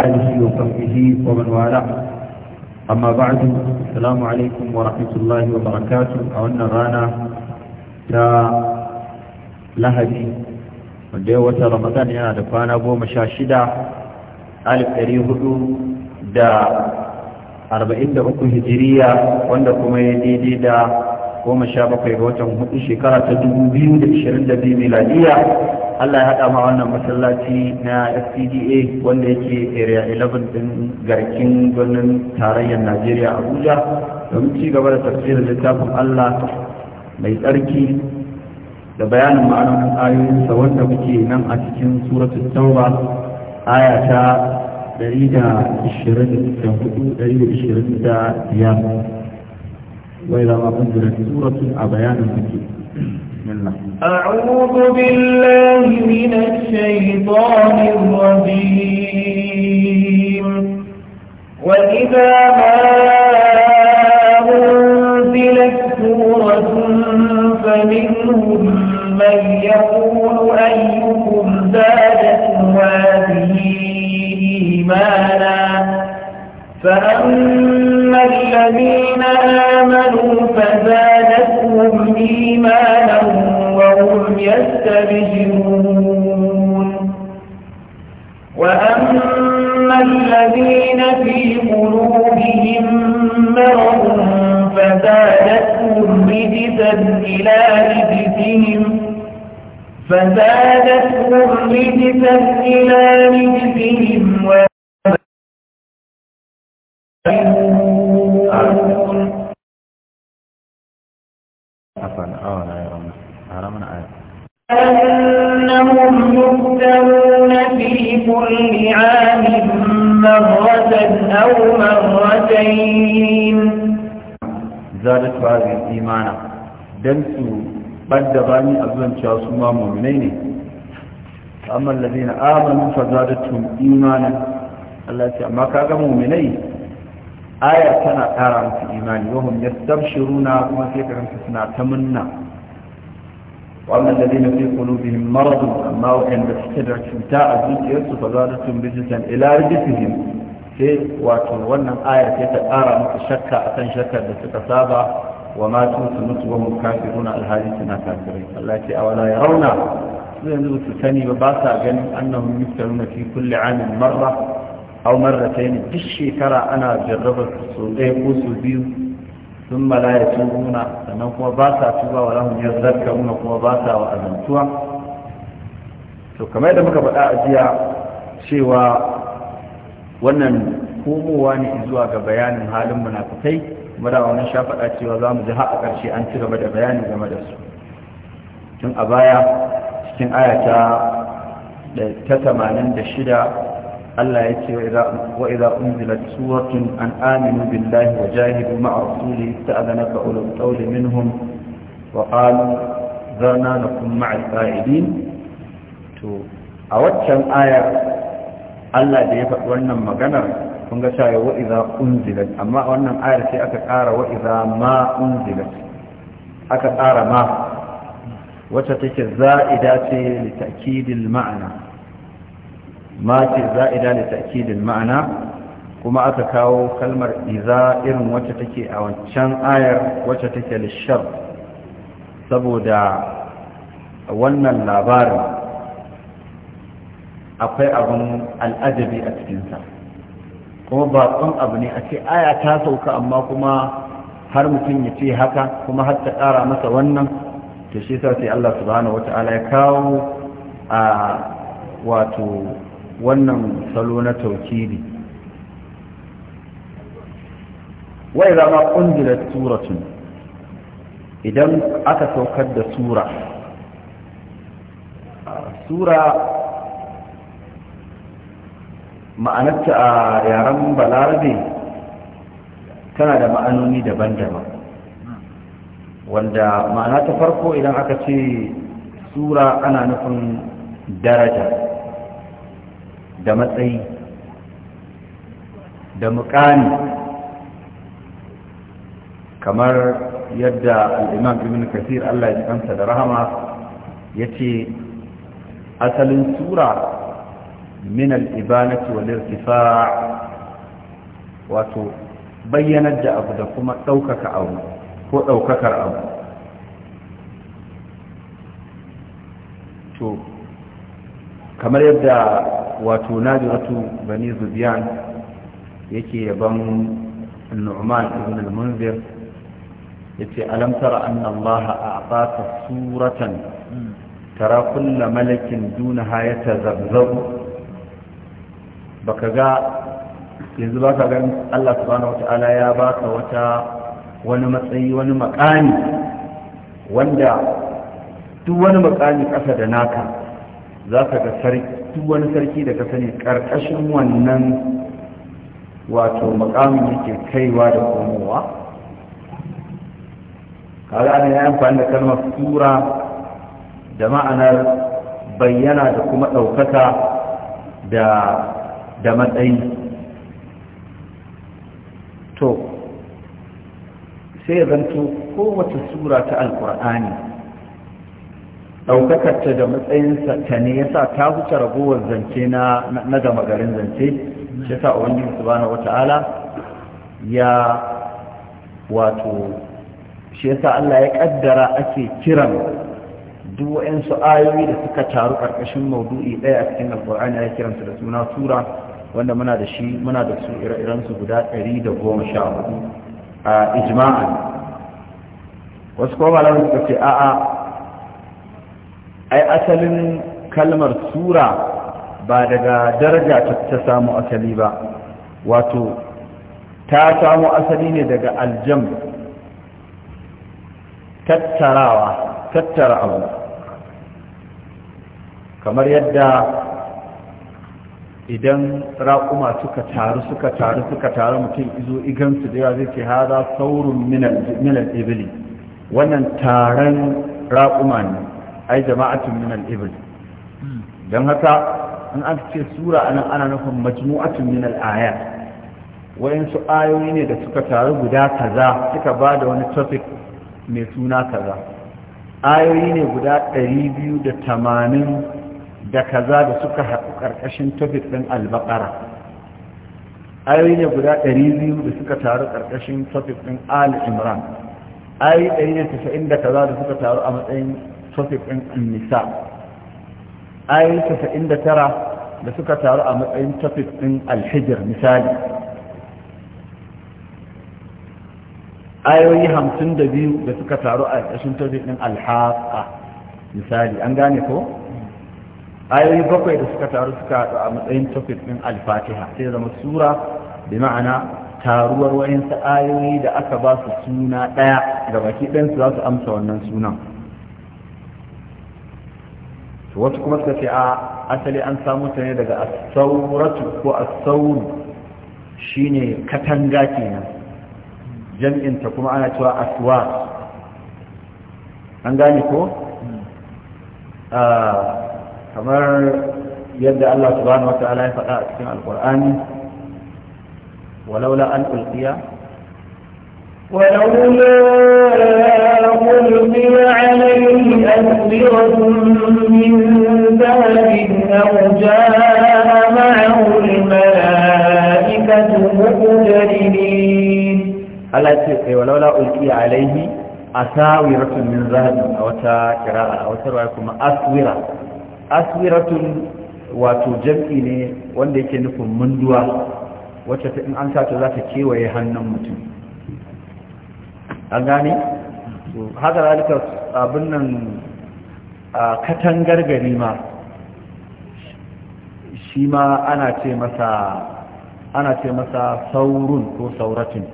آله وصحبه ومن والاه اما بعد السلام عليكم ورحمه الله وبركاته اولنا رانا تا لهدي وتا رمضان يا ده فانا 16 ألف هجريه دا أربعين دا دي ده goma sha bakwai ga watan hudu shekara ta dubu biyu da ishirin da biyu miladiya Allah ya haɗa ma wannan masallaci na FCDA wanda yake area 11 ɗin garkin birnin tarayyar Najeriya Abuja domin ci gaba da tafsirin littafin Allah mai tsarki da bayanin ma'anonin ayoyinsa wanda muke nan a cikin suratu tauba aya ta 124 125 وإذا ما أنزلت سورة أبيان مكي أعوذ بالله من الشيطان الرجيم وإذا ما أنزلت سورة فمنهم من يقول أيكم زادت هذه إيمانا فأما الذين آمنوا فزادتهم إيمانا وهم يستبشرون وأما الذين في قلوبهم مرض فزادتهم رجزا إلى رجزهم فزادتهم رجزا إلى رجزهم يفتنون في كل عام مرة أو مرتين زادت هذه الإيمان دمسوا بعد غني أبن شاسما مؤمنين أما الذين آمنوا فزادتهم إيمانا الله التي ما كان مؤمنين آية كان أرى في إيمان وهم يستبشرون وما فيك أن تسنى تمنى وأما الذين في قلوبهم مرض أما وإن بتحتدع شمتاء الزكية فزادتهم رجسا إلى رجسهم في وأن آية يتقارى شكا أتن شكا بتتسابع وما تنسى وهم كافرون الهادثنا كافرين التي أولا يرون ينزل الثاني بباسا جن أنهم يفتنون في كل عام مرة أو مرتين في الشيكرة أنا جربت السوداء وسوديو sun mala ya tubuna sannan kuma ba sa tuba wa zarka kuma ba sa wa azantuwa to kamar yadda muka faɗa a jiya cewa wannan komowa ne zuwa ga bayanin halin munafikai kuma da wannan sha faɗa cewa za mu ji har a ƙarshe an ci gaba da bayanin game da su tun a baya cikin aya ta 86 Allah ya ce wa idza unzilat suratun an aminu billahi wa jahidu ma'a rasuli ka ulul qawli minhum wa qalu zarna lakum ma'al qa'idin to a waccan ayar Allah da ya faɗi wannan maganar kun ga cewa wa idza unzilat amma wannan ayar sai aka ƙara wa idza ma unzilat aka ƙara ma wacce take za'ida ce li ta'kidil ma'ana ma ce za'ida da ta'kidin ma'ana kuma aka kawo kalmar iza irin wacce take a wancan ayar wacce take lishar saboda wannan labarin akwai abin al'ajabi a cikinsa kuma baƙon abu ne a ce aya ta sauka amma kuma har mutum ya ce haka kuma har ta ƙara masa wannan to shi sa sai Allah subhanahu wata'ala ya kawo a wato wannan salo na ne. wai zama ƙungila suratun idan aka saukar da sura sura ma'anarta a yaren balarabe tana da ma'anoni daban-daban wanda ma'ana ta farko idan aka ce sura ana nufin daraja da matsayi da mukani kamar yadda al'imam ibn kasir Allah ya kansa da rahama ya ce asalin sura min al'ibanati wal irtifa wato bayyanar da abu da kuma ɗaukaka abu ko ɗaukakar abu to kamar yadda wato najiratu bani zubiyan yake yaban nu'man ibn al-munzir yace alam tara anna a a'taka suratan tara kulla malakin hayata yatazabzabu baka ga yanzu baka ga Allah subhanahu Ta'ala ya baka wata wani matsayi wani makami wanda duk wani makami kasa da naka za ka ga sarki duk wani sarki da ka sani ƙarƙashin wannan wato makamin yake kaiwa da komowa kaga an yi amfani da kalmar tura da ma'anar bayyana da kuma ɗaukaka da matsayi to sai zanto kowace sura ta alkur'ani ta da matsayinsa ta ne yasa ta huce ragowar zance na gama garin zance shi sa ubangiji subhanahu wata'ala ya wato shi yasa Allah ya kaddara ake kiran duk su ayoyi da suka taru karkashin maudu'i ɗaya a cikin alkur'ani ya kiran su da suna tura wanda muna da shi muna da su ire-iren su guda 114 a ijma'an wasu kuma malamin suka ce a'a ai asalin kalmar sura ba daga daraja ta samu asali ba wato ta samu asali ne daga aljam tattarawa tattara abu kamar yadda idan raƙuma suka taru suka taru suka taru mutum izo igansu da yawa zai ce haza saurun minal ibili wannan taron raƙuma ne ai jama'atun min al-ibl dan haka in an ce sura anan ana nufin majmu'atun min al-ayat wayansu ayoyi ne da suka taru guda kaza suka ba da wani topic mai suna kaza ayoyi ne guda 280 da kaza da suka haɗu ƙarƙashin topic ɗin al-baqara ayoyi ne guda 200 da suka taru ƙarƙashin topic ɗin al-imran ayoyi 190 da kaza da suka taru a matsayin topic ɗin annisa ayoyi da suka taru a matsayin topic ɗin alhijir misali ayoyi 52 da suka taru a ƙarshen topic ɗin alhaƙa misali an gane ko ayoyi bakwai da suka taru suka a matsayin topic ɗin alfatiha sai zama sura da ma'ana taruwar wayansu ayoyi da aka ba su suna ɗaya da baki ɗansu za su amsa wannan sunan wasu kuma suka ce a asali an samu ta ne daga asauratu ko asauru shine katanga kenan jam'in ta kuma ana cewa aswa an gane ko hmm. ah, kamar yadda Allah subhanahu wa ta'ala ya faɗa a cikin alqur'ani walaula an ولولا ألقي عليه أسرة من ذهب أو جاء معه الملائكة مقترنين ألا تقي ولولا ألقي عليه أساورة من ذهب أو قراءة أو ترواكم أسورة أسورة وتجمع ne wanda yake nufin munduwa wacce in an sato za ta kewaye hannun mutum an gane haka zalika abin nan a katangar gari ma shi ma ana ce masa ana ce masa saurun ko sauratin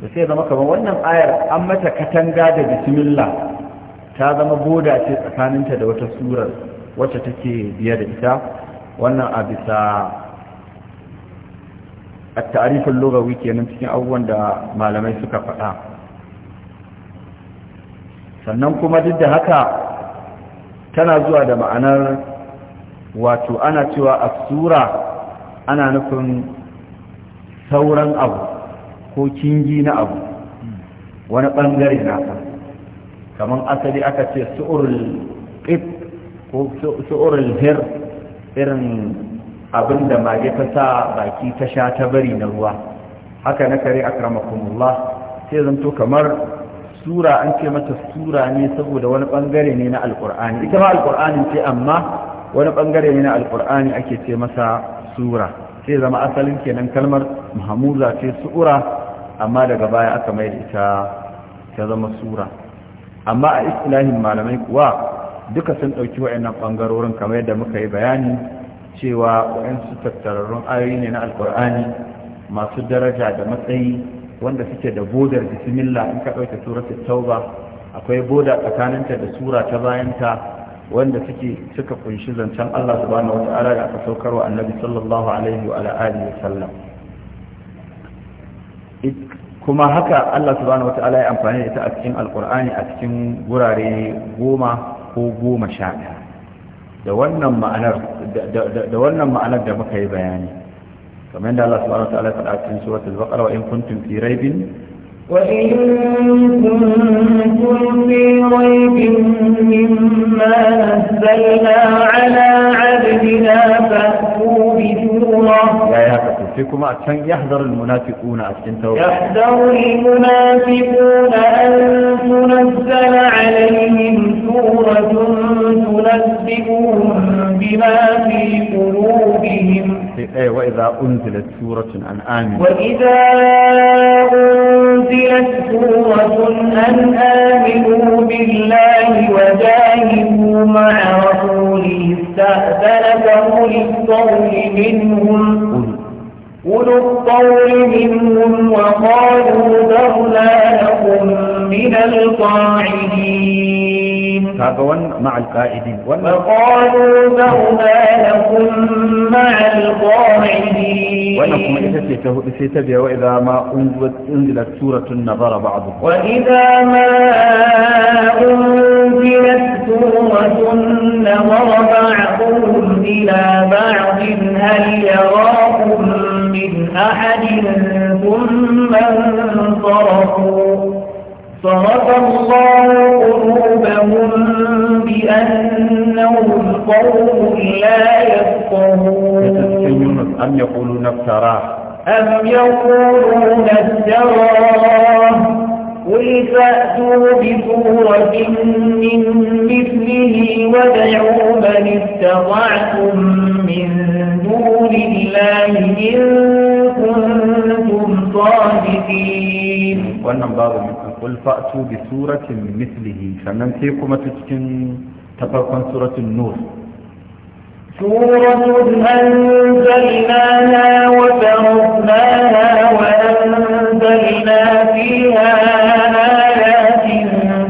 da sai zama kamar wannan ayar an mata katanga da bismillah ta zama boda ce tsakaninta da wata surar wacce take biye da ita wannan a bisa a ta'arifin logawi kenan cikin abubuwan da malamai suka faɗa sannan kuma duk da haka tana zuwa da ma'anar wato ana cewa a asura ana nufin sauran abu ko kingi na abu wani ɓangare nasa kamar asali aka ce su'urul ƙif ko su'urul hir irin abin da mage ta sa baki ta sha ta bari na ruwa haka na kare akramakumullah sai zanto kamar sura an ce mata sura ne saboda wani bangare ne na alkur'ani ita ma alkur'ani ce amma wani bangare ne na alkur'ani ake ce masa sura sai zama asalin kenan kalmar mahamuza ce sura amma daga baya aka mai da ita ta zama sura amma a istilahin malamai kuwa duka sun ɗauki wa'annan ɓangarorin kamar yadda muka yi bayani cewa wa'ansu tattararrun ayoyi ne na alkur'ani masu daraja da matsayi wanda suke da bodar bismillah in ka ɗauke suratul tauba akwai boda tsakaninta da sura ta bayanta wanda suke suka kunshi zancen Allah subhanahu wata'ala da aka wa annabi sallallahu alaihi wa alihi wa sallam kuma haka Allah subhanahu wata'ala ya amfani da ita a cikin alkur'ani a cikin gurare goma ko goma sha da wannan ma'anar da wannan ma'anar da muka yi bayani كما أن الله سبحانه وتعالى قد في سورة البقرة وإن كنتم في ريب وإن كنتم في ريب مما نزلنا على عبدنا فأتوا بسورة يا يا فيكم عشان يحذر المنافقون عشان يحذر المنافقون أن تنزل عليهم سورة تنبئهم بما في قلوبهم أي وإذا أنزلت سورة أن آمنوا وإذا أنزلت سورة أن آمنوا بالله وجاهدوا مع رسوله استأذنك أولي الطول منهم أولو الطول منهم وقالوا ذرنا لكم من القاعدين تابون مع القائدين وقالوا مهما لكم مع القاعدين ولكم إذا سيتبع وإذا ما أنزلت, سورة نظر بعضهم وإذا ما أنزلت سورة نظر بعضهم إلى بعض هل يراكم من أحد ثم انصرفوا صرف الله قلوبهم بأنهم قوم لا يفقهون أم يقولون افتراه أم يقولون افتراه قل فأتوا بسورة من مثله وادعوا من استطعتم من دون الله إن كنتم صادقين. قل فأتوا بسورة مثله فمن فيكم تسكن تفرقا سورة النور سورة أنزلناها وتركناها وأنزلنا فيها آيات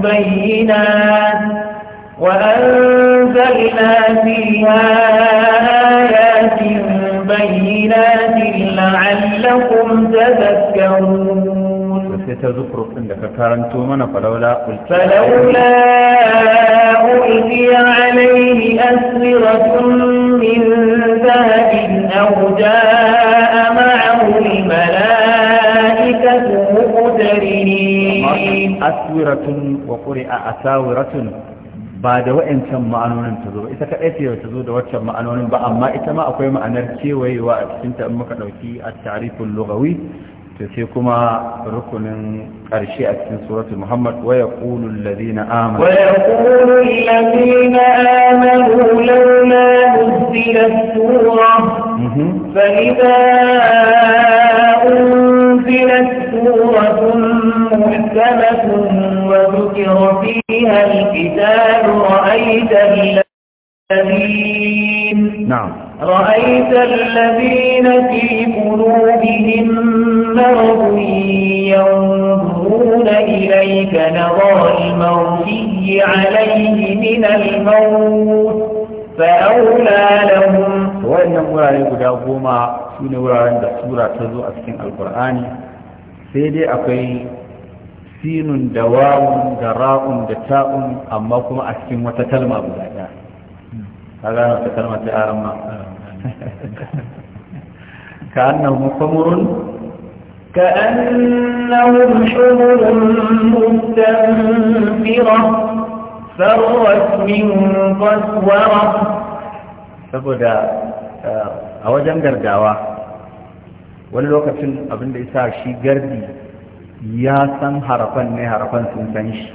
بينات وأنزلنا فيها آيات بينات لعلكم تذكرون sai ta zukuruf ɗin da ka karanto mana falaula falaula ulqiya alayhi aswiratun min dhahabin aw jaa ma'ahu al-mala'ikatu muqtarinin aswiratun wa a asawiratun ba da wa'ancan ma'anonin ta zo ita kaɗai ce ta zo da waccan ma'anonin ba amma ita ma akwai ma'anar kewayewa a cikin ta muka ɗauki a tarifin lugawi sai kuma rukunin ƙarshe a cikin suratul muhammad wa yaqulu alladhina amanu wa yaqulu alladhina amanu lawla nuzilat sura fa idza unzilat suratun muhkamatun wa dhukira fiha alqital ra'aita alladhina نعم رأيت الذين في قلوبهم مرض ينظرون إليك نظر الموتي عليه من الموت فأولى لهم وإن أمور عليك دعوهما سون وراران دا سورة تزوء أسكن القرآن سيدي أقوي سين دواء دراء دتاء أما كما أسكن وتتلمى بذلك kaga na ta kalma ta aran ma ka annahu kumurun ka annahum shumurun mustanfira sarwat min qaswara saboda eh, a wajen gargawa wani lokacin abin da isa shi gardi ya san harafan ne harafan sun san shi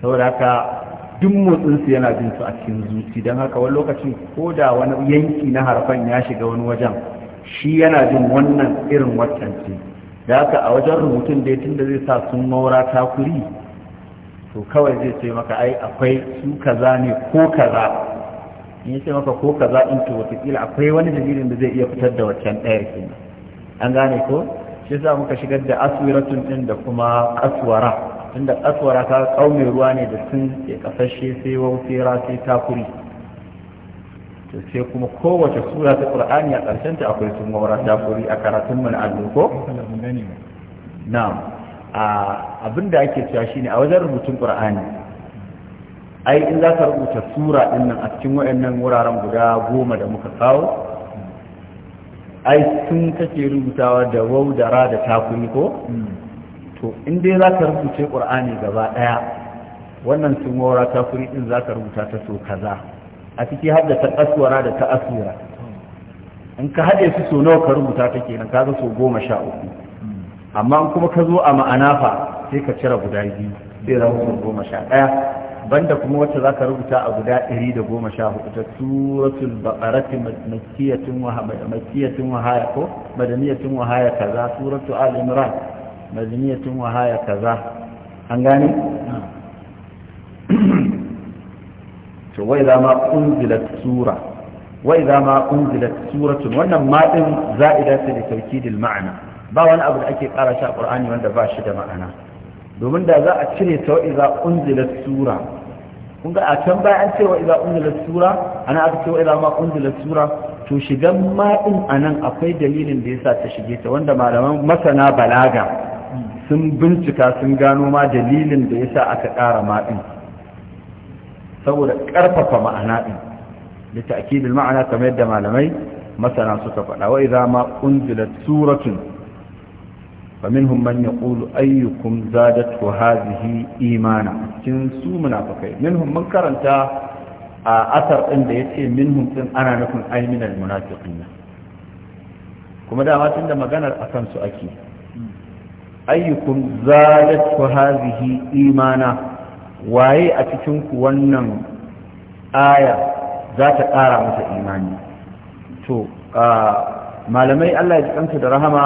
saboda haka duk motsinsu yana jin su a cikin zuci don haka wani lokacin ko da wani yanki na harfan ya shiga wani wajen shi yana jin wannan irin waccan ce da haka a wajen rubutun da tun da zai sa sun maura takuri to kawai zai ce maka ai akwai su kaza ne ko kaza in ya ce maka ko kaza in to wataƙila akwai wani dalilin da zai iya fitar da waccan ɗaya ke an gane ko shi sa muka shigar da aswiratun ɗin da kuma aswara tunda aswara ka kaume ruwa ne da sun ke kasashe sai waufera sai takuri to sai kuma kowace sura ta qur'ani a ƙarshen ta akwai sun waura takuri a karatun mun allo ko na'am a abinda ake cewa shine a wajen rubutun qur'ani ai in za ka rubuta sura din nan a cikin wayannan wuraren guda goma da muka kawo ai sun kake rubutawa da wau da ra da takuri ko mm. to in dai za ka rubuce ƙur'ani gaba ɗaya wannan sun wara kafiri ɗin za ka rubuta ta so kaza a ciki har da ta aswara da ta aswira in ka haɗe su so nawa ka rubuta ta kenan ka ga so goma sha uku amma in kuma ka zo a ma'ana fa sai ka cire guda biyu sai za so goma sha ɗaya banda kuma wacce za ka rubuta a guda ɗari da goma sha hudu ta suratul baƙarati makiyatin wahaya ko madaniyatun wahaya kaza suratul al-imran maziniyatun wahaya kaza an gane to wai za ma unzilat sura wai za ma unzilat suratun wannan ma din za'ida ce da tawkidil ma'ana ba wani abu da ake ƙara shi a qur'ani wanda ba shi da ma'ana domin da za a cire ta wai za unzilat sura kun ga a can baya an ce wa iza unzilat sura ana aka ce wa iza ma unzilat sura to shigan ma din anan akwai dalilin da yasa ta shige ta wanda malaman masana balaga sun bincika sun gano ma dalilin da ya sa aka ƙara ma'in saboda ƙarfafa ma'ana ɗin da ta'kidul ma'ana kamar yadda malamai masana suka faɗa Wai idza ma unzilat suratun fa minhum man yaqulu ayyukum zadatu hadhihi imana cikin su munafikai minhum man karanta a asar ɗin da yace minhum din ana nufin ayminal munafiqin kuma dama tunda maganar akan su ake ayyukum ku hadhihi imana waye a cikin ku wannan aya za ta ƙara masa imani to malamai Allah ya jikanta da rahama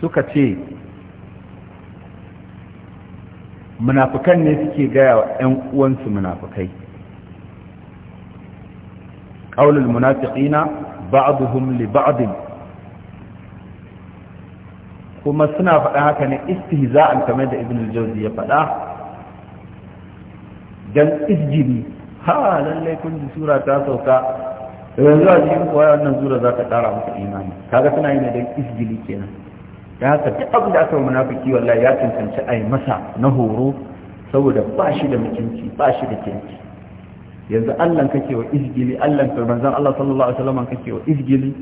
suka ce munafukan ne suke gaya wa 'yan uwansu munafukai qaulul munafiqina ba'dhum li ba'd kuma suna faɗa haka ne istihza'an kamar da ibn al-jawzi ya faɗa dan izjiri ha lallai kun ji sura ta sauka yanzu a cikin kuwa wannan sura za ta ƙara masa imani kaga suna yin dan izjiri kenan da haka duk abin da aka yi munafiki wallahi ya cancanci a yi masa na horo saboda ba shi da mutunci ba shi da kinki yanzu Allah kake wa allan Allah manzon Allah sallallahu alaihi wasallam kake wa izgili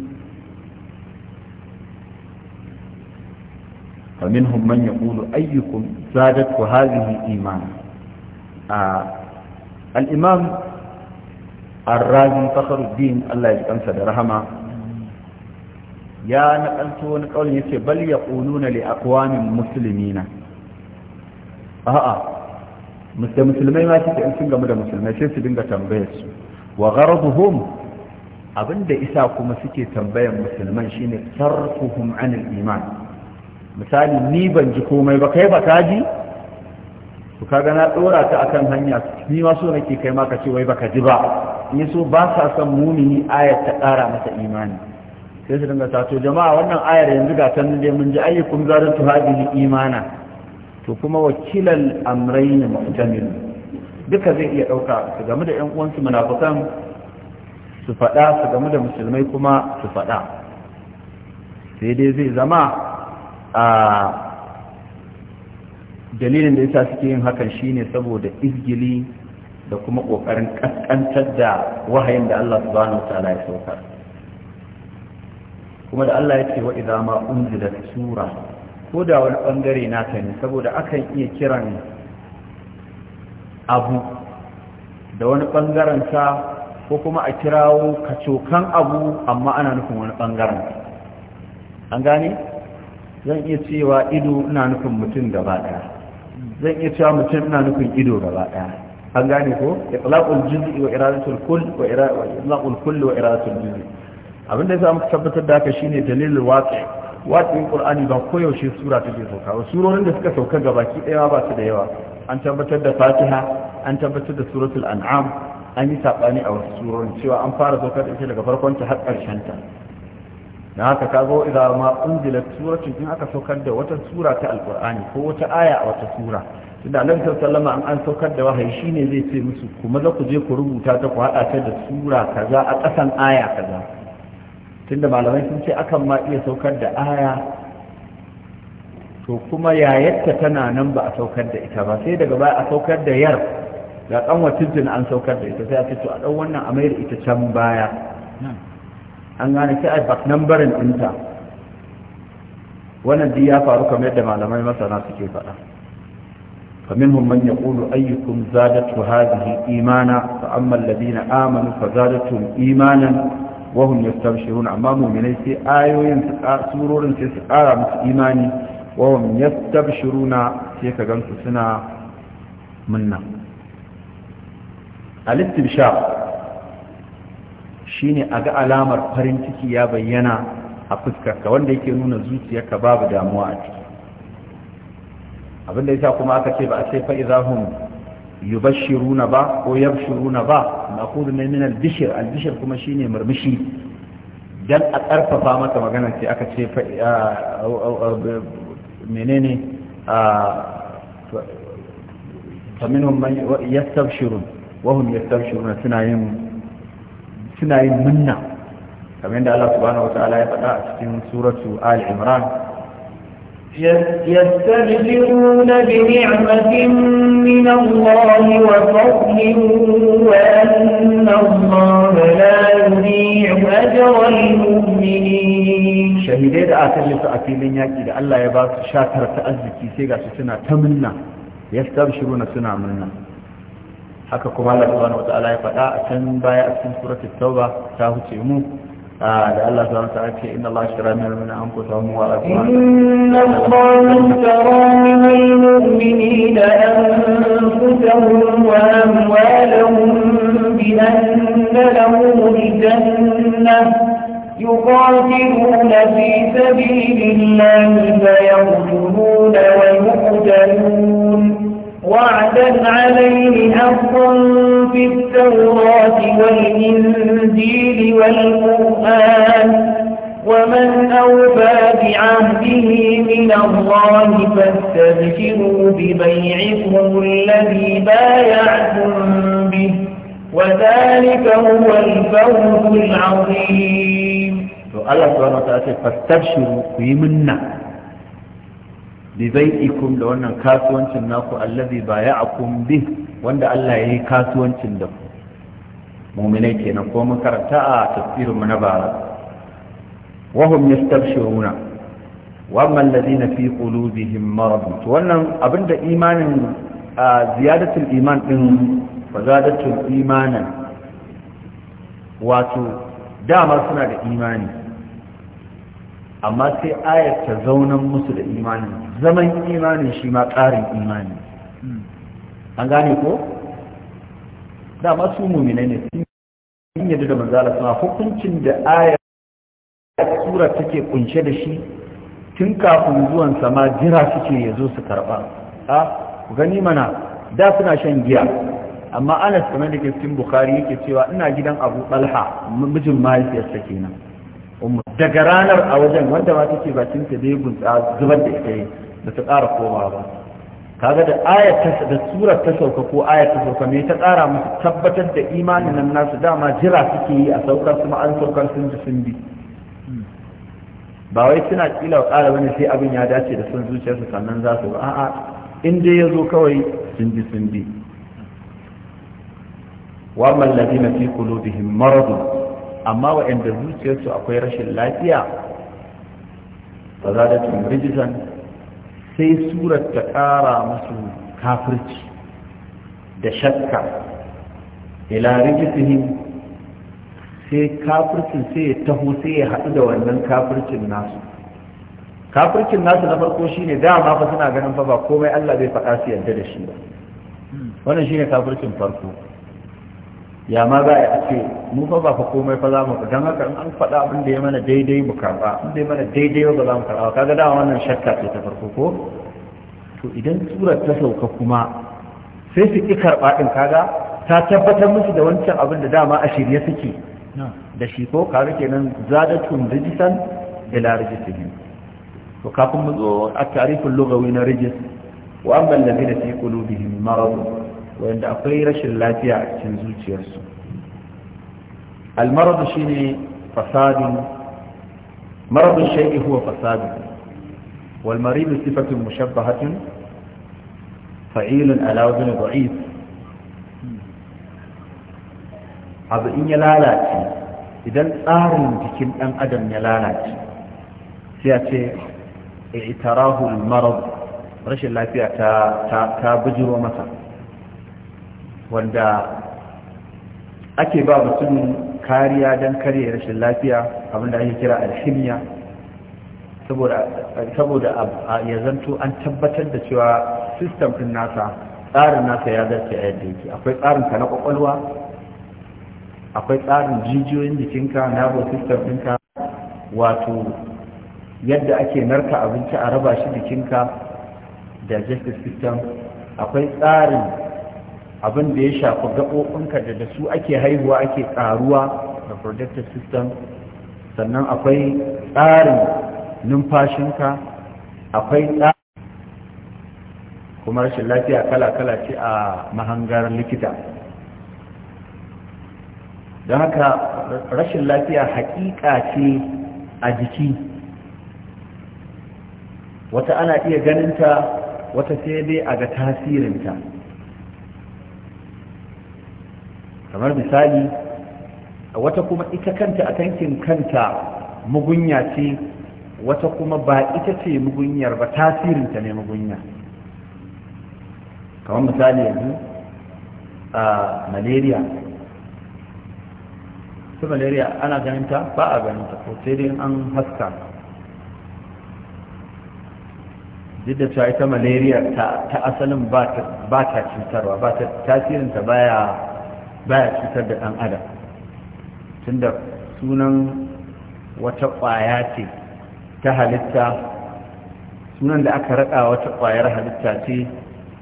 فمنهم من يقول أيكم زادت هذه إيمان آه، الإمام الرازي فخر الدين الله يجب رحمه يا نقلتون قول يسي بل يقولون لأقوام مسلمين آآ آه آه. مسلمين ما يسي تأمسين قمد مسلمين يسي بنجا تنبيس وغرضهم أبند إساكم سكي تنبيا مسلمين شيني صرفهم عن الإيمان misali ni ban ji komai ba kai ba ka ji to kaga na dora ta akan hanya ni ma so nake kai ma ka ce wai baka ji ba ni so ba sa san mumini ayat ta kara masa imani sai su dinga to jama'a wannan ayar yanzu ga san dai mun ji ayyukum zadatu hadhihi imana to kuma wakilal amrayn mu'tamil duka zai iya dauka su game da ƴan uwansu munafikan su faɗa su game da musulmai kuma su faɗa sai dai zai zama a dalilin da yasa suke yin hakan shine saboda izgili da kuma kokarin kaskantar da wahayin da Allah subhanahu wataala ya sauka. kuma da Allah ya ce wa idza ma unzilat sura ko da wani bangare na ta ne saboda akan iya kiran abu da wani bangaren sa ko kuma a kirawo kacokan abu amma ana nufin wani bangaren an gane zan iya cewa ido ina nufin mutum gaba daya zan iya cewa mutum ina nufin ido gaba daya an gane ko itlaqul juz'i wa iradatul kull wa itlaqul kull wa iradatul juz'i abinda yasa muka tabbatar da haka shine dalilul waqi' waqi'in qur'ani ba koyaushe sura take sauka ba surorin da suka sauka gabaki ɗaya ba su da yawa an tabbatar da fatiha an tabbatar da suratul an'am an yi saɓani a wasu surorin cewa an fara saukar da ita daga farkon ta har karshen ta na haka ka zo idan ma unzilat suratun in aka saukar da wata sura ta alqur'ani ko wata aya a wata sura tunda annabi sallama an an saukar da wahayi shine zai ce musu kuma za ku je ku rubuta ta ku hada ta da sura kaza a kasan aya kaza tunda malamai sun ce akan ma iya saukar da aya to kuma ya yatta tana nan ba a saukar da ita ba sai daga baya a saukar da yar ga kanwa tun an saukar da ita sai a ce to a dan wannan a mayar ita can baya an gane ke a nambarin dinta wannan ji ya faru kama yadda malamai masana suke faɗa famin man ya ƙulu ayyukun zadatu hadihi imana fa amma ladina amanu fa zadatu imanan wahum yastabshirun amma mu'minai sai ayoyin su surorin sai su ƙara musu imani wahum yastabshiruna sai ka gansu suna munna al-istibshar shine a ga alamar farin ciki ya bayyana a fuskarka wanda yake nuna zuciyarka babu damuwa a ciki abinda yasa kuma aka ce ba a ce fa bashiru yubashiruna ba ko na ba ma'khudun min al-bishr al-bishr kuma shine murmushi dan a karfafa maka magana ce aka ce fa menene فمنهم من يستبشرون وهم يستبشرون سنة يمون suna yin munna kamar yadda Allah subhanahu wa ta'ala ya faɗa a cikin suratu al imran يستبشرون بنعمة من الله وفضل وأن الله لا يضيع أجر المؤمنين Shahidai da aka yi su a filin yaƙi da Allah ya ba su shatar ta arziki sai ga su suna ta munna na suna munna haka kuma Allah subhanahu wata'ala ya faɗa a can baya a cikin suratul tauba ta huce mu da Allah subhanahu wata'ala ce inna Allah shara min al-mu'minina anfusahum wa amwalahum يقاتلون في سبيل الله فيقتلون ويقتلون وعدا عليه حقا في التوراة والإنجيل والقرآن ومن أوفى بعهده من الله فاستبشروا ببيعكم الذي بايعتم به وذلك هو الفوز العظيم الله سبحانه وتعالى فاستبشروا بمنه bibai'ikum da wannan kasuwancin naku allazi a bih wanda Allah yayi kasuwancin da ku mu'minai kenan ko makaranta karanta a tafsirin mu na bara wa hum yastabshiruna wa amma allazina fi qulubihim marad to wannan abinda imanin ziyadatul iman din fazadatul imanan wato dama suna da imani amma sai ayar ta zaunan musu da imani zaman imanin shi ma ƙarin imani an gane ko da masu mummina ne sun yadda da manzala suna hukuncin da ayar sura take kunshe da shi tun kafin zuwan sama jira suke ya zo su karɓa a gani mana da suna shan giya amma anas kamar da ke cikin bukari yake cewa ina gidan abu ɓalha mijin mahaifiyarsa kenan daga ranar a wajen wanda ma take bakin ta dai gunsa zubar da ita ba ta ƙara komawa ba kaga da ayat da surar ta sauka ko ayat ta sauka me ta ƙara musu tabbatar da imanin nan nasu dama jira suke yi a saukar kuma an saukar sun ji sun bi ba wai suna kila ƙara bane sai abin ya dace da son zuciyarsu sannan za su ba a'a in dai ya zo kawai sun ji sun bi wa mallazina fi qulubihim maradun amma waɗanda zuciyarsu akwai rashin lafiya ba za da tun rijisan sai surar ta ƙara masu kafirci da shakka ila rijisihim sai kafircin sai ya taho sai ya haɗu da wannan kafircin nasu kafircin nasu na farko shine dama fa suna ganin fa komai Allah zai faɗa su yadda da shi ba wannan shine kafircin farko ya ma za a ce mu fa ba fa komai fa za mu ka don haka an faɗa abin da ya mana daidai mu karɓa in da ya mana daidai ba za mu karɓa kaga da wannan shakka ce ta farko ko to idan surar ta sauka kuma sai su ƙi karɓa ɗin kaga ta tabbatar musu da wancan abin da dama a shirye suke da shi ko kaga nan zadatun rijisan ila rijisihim to kafin mu zo a tarifin lugawi na rijis wa amma alladhina fi qulubihim maradun wanda akwai rashin lafiya a cikin zuciyarsu almaradu ne fasadin maradun shay'i huwa fasadin wal sifatin sifatun mushabbahatun fa'ilun ala wazn abu in ya lalace idan tsarin jikin dan adam ya lalace sai a ce i'tarahu al rashin lafiya ta ta bijiro masa wanda ake ba mutum kariya don karya rashin lafiya abinda ake kira alhimiya saboda ya zanto an tabbatar da cewa sistem ɗin nasa tsarin nasa ya zarce a yadda yake akwai tsarin ka na kwakwalwa akwai tsarin jijiyoyin jikinka na bo system ɗinka wato yadda ake narka abinci a raba shi jikinka da justice system akwai tsarin abin da ya shafi gaɓoɓinka da da su ake haihuwa ake ƙaruwa da projective system sannan akwai tsarin numfashinka akwai tsarin kuma rashin lafiya kala-kala ce a mahangar likita don haka rashin lafiya haƙiƙa ce a jiki wata ana iya ganinta wata sai dai a ga tasirinta kamar misali wata kuma ita kanta a tankin kanta mugunya ce wata kuma ba ita ce mugunyar ba tasirinta ne mugunya kamar misali yanzu a malaria su malaria ana ganinta ba a ganinta ko sai dai an haska duk da cewa ita malaria ta asalin ba ta cutarwa ba ta tasirinta baya baya cutar da ɗan adam tunda sunan wata ƙwaya ce ta halitta sunan da aka raɗa wata ƙwayar halitta ce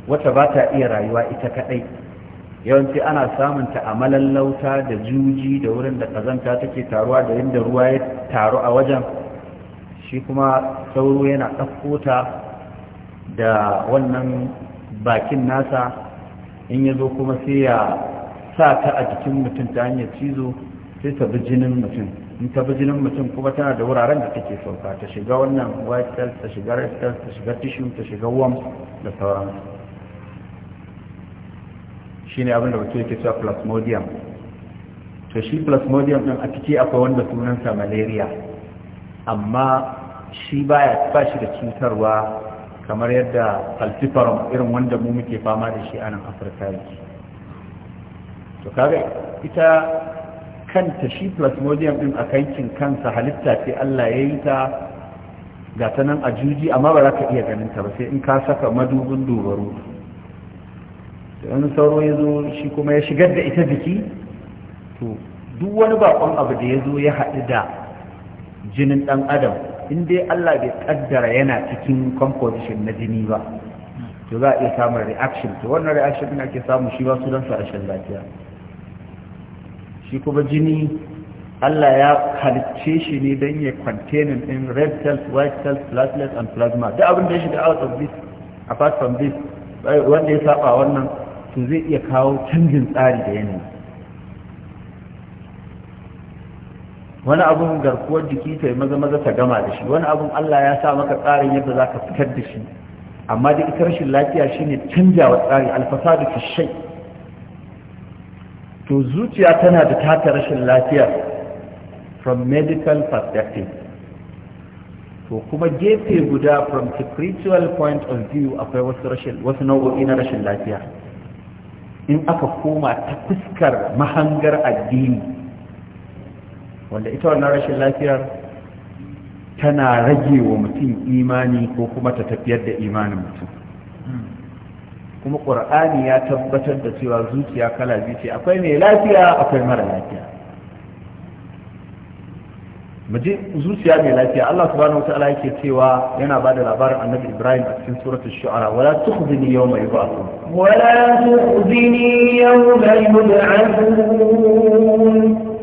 wata ba ta iya rayuwa ita kaɗai yawanci ana samunta a malallauta da juji da wurin da ƙazanta take taruwa da yadda ruwa ya taru a wajen shi kuma sauro yana ɗauko ta da wannan bakin nasa in ya zo kuma sai ya sa ta a jikin mutum ta hanyar cizo sai ta bi jinin mutum in ta bi jinin mutum kuma tana da wuraren da take sauka ta shiga wannan white cell ta shiga red cell ta shiga tissue ta shiga worms da sauransu ne abin da mutum yake cewa plasmodium to shi plasmodium ɗin a ciki akwai wanda sunansa malaria amma shi baya ba shi da cutarwa kamar yadda falciparum irin wanda mu muke fama da shi a nan afirka yake to kaga ita kanta shi plasmodium din a kankin kansa halitta ce Allah ya yi ta ga ta nan a juji amma ba za ka iya ganin ta ba sai in ka saka madubin dubaru To wani sauro ya zo shi kuma ya shigar da ita jiki to duk wani bakon abu da ya zo ya haɗu da jinin ɗan adam in dai Allah bai kaddara yana cikin composition na jini ba to za a iya samun reaction to wannan reaction din ake samu shi ba su don su a shan lafiya shi kuma jini Allah ya halicce shi ne don ya containing in red cells white cells platelets and plasma da abin da ya shiga out of this apart from this eh, wanda ya saba wannan to zai iya kawo canjin tsari da yanayi wani abun garkuwar jiki ta maza maza ta gama da shi wani abun Allah ya sa maka tsarin yadda za ka fitar da shi amma da ita rashin lafiya shine canjawa tsari alfasa fi shai to zuciya tana da taka rashin lafiya from medical perspective to kuma gefe guda from spiritual point of view akwai wasu wasu nau'o'i na rashin lafiya in aka koma ta fuskar mahangar addini wanda ita wannan rashin lafiyar tana rage wa mutum imani ko kuma ta tafiyar da imanin mutum kuma ƙur'ani ya tabbatar da cewa zuciya kala zuciya akwai mai lafiya akwai mara lafiya maji zuciya mai lafiya Allah subhanahu wataala yake cewa yana bada labarin Annabi Ibrahim a cikin suratul Shu'ara wala tukhzini yawma yub'athun wala tukhzini yawma yub'athun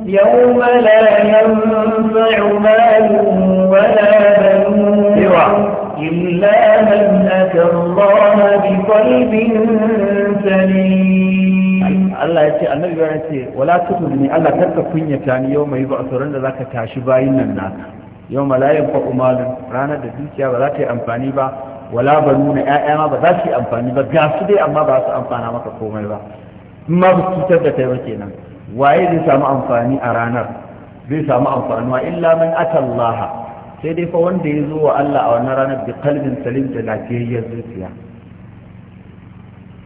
yawma la yanfa'u ma ce annabi ya ce wala ni Allah ka kunyata ni yau mai ba sauran da zaka tashi bayin nan na yau malayin fa umalun ranar da dukiya ba za ta yi amfani ba wala ba nuna ƴaƴa ma ba za su yi amfani ba ga su dai amma ba su amfana maka komai ba in ma ba cutar da kai ba kenan waye zai samu amfani a ranar zai samu wa illa man atallaha sai dai fa wanda ya zo wa Allah a wannan ranar bi qalbin salim da lafiyayyar zuciya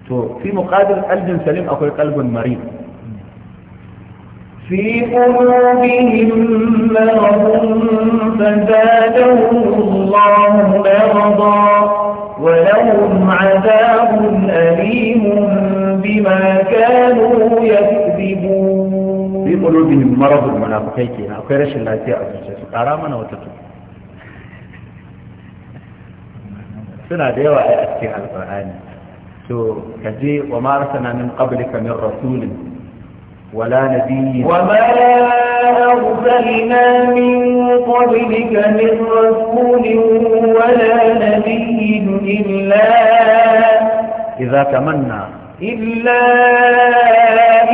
في مقابل قلب سليم salim قلب مريض في قلوبهم مرض فزادهم الله مرضا ولهم عذاب أليم بما كانوا يكذبون في قلوبهم مرض المنافقين كنا أخير الله لا تأذى سكارامنا وتتوب سنة ديوة أتكي آية على القرآن to kaje وما رسنا من قبلك من رسول ولا نبي وما أرسلنا من قبلك من رسول ولا نبي إلا إذا تمنى إلا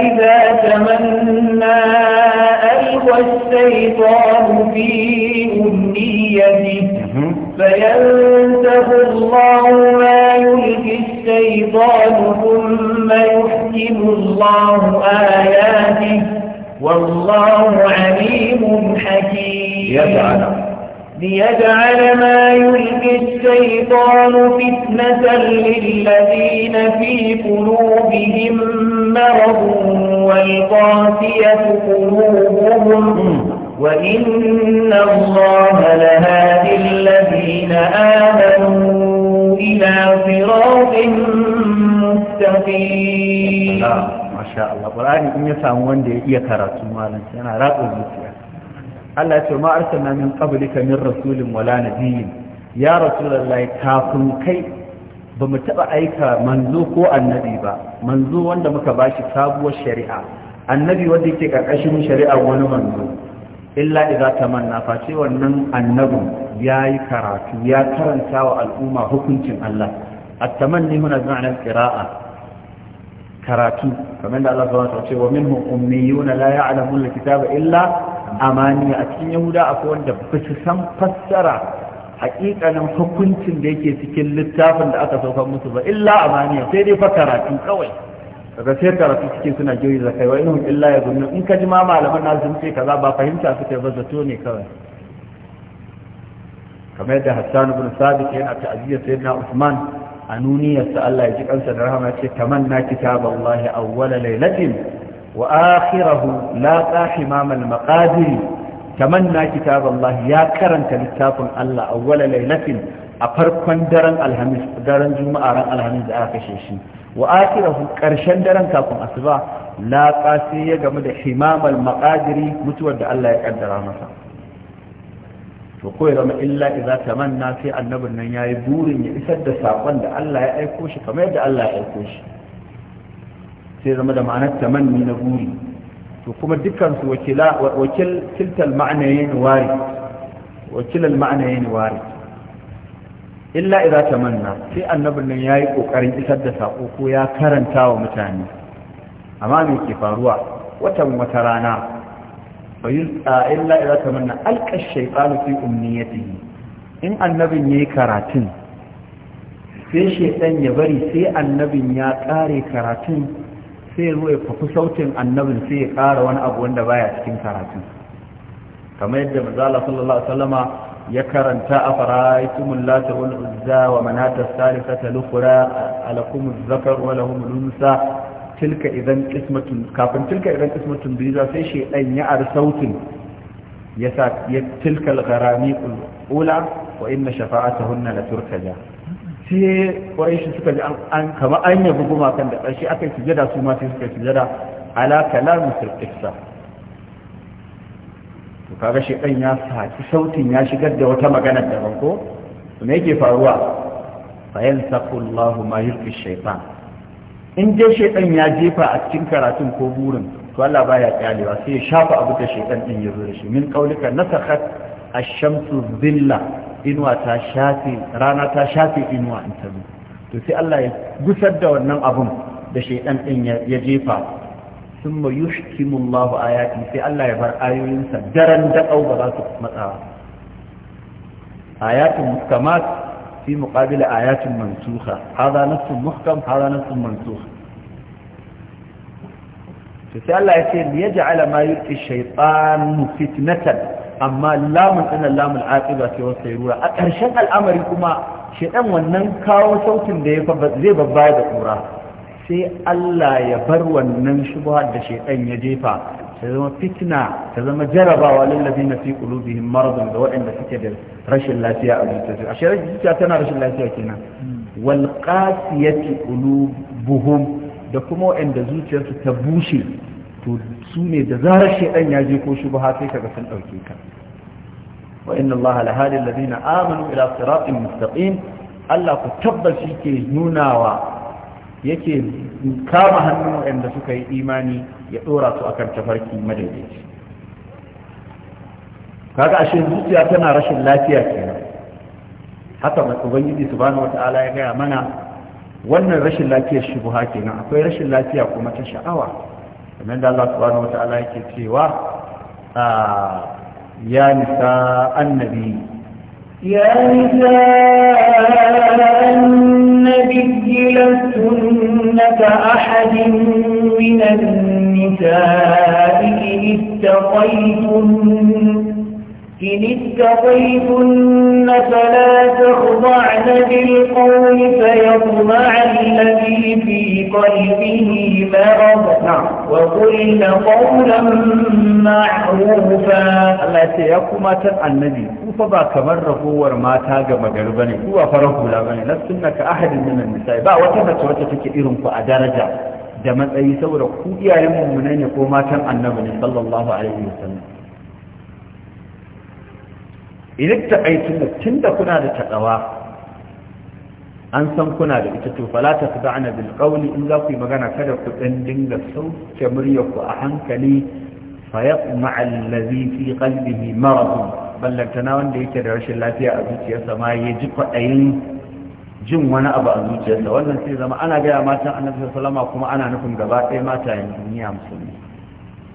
إذا تمنى ألقى الشيطان في أمنيته فينسه الله ما يلقى الشيطان ثم يحكم الله آياته والله عليم حكيم ليجعل ما يلقي الشيطان فتنة للذين في قلوبهم مرض والقاسية قلوبهم وإن الله لهادي الذين آمنوا ma in ya samu wanda ya iya karatu malanci yana raɗin zuciya Allah ya ce ya rasulun lai kafin kai ba taɓa aika manzo ko annabi ba manzo wanda muka ba sabuwar shari'a annabi wanda yake ƙarƙashin shari'a wani manzo illa idan ta manna face wannan annabin karatu ya karanta wa al'umma hukuncin Allah at-tamanni huna bi ma'ana karatu kamar da Allah subhanahu wa ta'ala ce wa minhum ummiyuna la ya'lamuna al-kitaba illa amani a cikin yahuda akwai wanda ba su san fassara hakikanin hukuncin da yake cikin littafin da aka saukar musu ba illa amani sai dai fa karatu kawai daga sai karatu suke suna joyi zakai wa inhum illa yadhunnu in ka ji ma malaman na sun ce kaza ba fahimta suke ba zato ne kawai kamar yadda Hassan ibn Sabit yana ta'aziyya sayyidina Usman a nuniyarsa Allah ya ji kansa da rahama ce tamanna kitaballahi awwala lailatin wa akhirahu la qahimam al-maqadir tamanna Allah ya karanta littafin Allah awwala lailatin a farkon daren alhamis daren juma'a ran alhamis da aka kashe shi wa akhirahu karshen daren kafin asuba la qasi ya game da himamal maqadiri mutuwar da Allah ya kaddara masa to ko zama illa idza tamanna sai annabin nan ya yi burin ya isar da saƙon da Allah ya aiko shi kamar yadda Allah ya aiko shi sai zama da ma'anar tamanni na buri to kuma dukkan su wakila wakil tiltal wari wakil al ma'anayin wari illa idza tamanna sai annabin nan ya yi ƙoƙarin isar da sako ko ya karanta wa mutane amma me ke faruwa watan wata rana fa yus'a illa idza tamanna alqa ash-shaytanu fi umniyatihi in annabin yayi karatun sai shaytan ya bari sai annabin ya kare karatun sai ya zo ya fafi sautin annabin sai ya kara wani abu wanda baya cikin karatun kamar yadda manzala sallallahu alaihi wasallama ya karanta a fara'aitumul lata wal uzza wa manata salifata lukura zakar wa lahumul unsa tilka idan qismatun kafin tilka idan qismatun biza sai shedan ya ar sautin ya sa ya tilka al-gharami ula wa inna shafa'atuhunna la turkaja sai quraishi suka ji an kama an yabi gumakan da ƙarshe aka yi sujada su ma sai suka sujada ala kalamu sirqisa to kaga shedan ya saki sautin ya shigar da wata magana daban ko me yake faruwa fa yansaqu Allahu ma yulqi shaytan in dai shaidan ya jefa a cikin karatun ko burin to Allah baya kyalewa sai ya shafa abu da shaidan din ya zo da shi min qaulika nasakhat ash-shamsu dhilla inuwa ta shafe rana ta shafe inuwa in ta to sai Allah ya gusar da wannan abun da shaidan din ya jefa thumma yushkimu Allah ayati sai Allah ya bar ayoyinsa daren da ba za su matsa ayatun muskamat في مقابل آيات منسوخة هذا نفس محكم هذا نفس منسوخ فسأل الله يقول ليجعل ما يلقي الشيطان فتنة أما اللام إن اللام العاقبة والسيرورة أرشق الأمر كما شيطان وننكا وصوت ديفا زي ببايد أمراه sai Allah ya bar wannan shubha da shaitan ya jefa ta zama fitna ta zama jarabawa lallabi na fi qulubihim maradun da waɗanda suke da rashin lafiya a zuciya a shirar zuciya tana rashin lafiya kenan wal qasiyati qulubuhum da kuma waɗanda zuciyarsu ta bushe to su ne da zarar shaitan ya je ko shubuha sai kaga sun ɗauke ka wa inna allaha la hadi alladhina amanu ila siratin mustaqim Allah ku tabbas ke nunawa yake kama hannun waɗanda suka yi imani ya ɗora su akan tafarki madaidaici kaga ashe zuciya tana rashin lafiya kenan haka ubangiji wata ala ya gaya mana wannan rashin lafiyar shubuha kenan akwai rashin lafiya kuma ta sha'awa kamar da Allah subhanahu wata'ala yake cewa ah, ya nisa annabi يا نساء النبي لستن أحد من النساء إن اتقيتن إن اتقيتن فلا تخضعن بالقول فيطمع الذي في قلبه مرض نعم وقلن قولا معروفا الله يتي يا كما تن النبي كوفا با كمر رغوار ماتا ga magar bane kuwa farar hula bane lasunna ka ahadin min an-nisa ba wata mace wacce take irin ku a daraja da matsayi saboda ku iyayen mummunai ne ko matan annabi ne sallallahu alaihi wasallam idan ta aikin tunda kuna da takawa an san kuna da ita to fala ta kada ana bil qawli in za ku yi magana kada ku dan dinga sauke muryar ku a hankali fa yaqma allazi fi qalbihi marad ballantana wanda yake da rashin lafiya a zuciyarsa ma ya ji kwadayin jin wani abu a zuciyarsa wannan sai zama ana gaya matan annabi sallama kuma ana nufin gaba ɗaya matayen duniya musulmi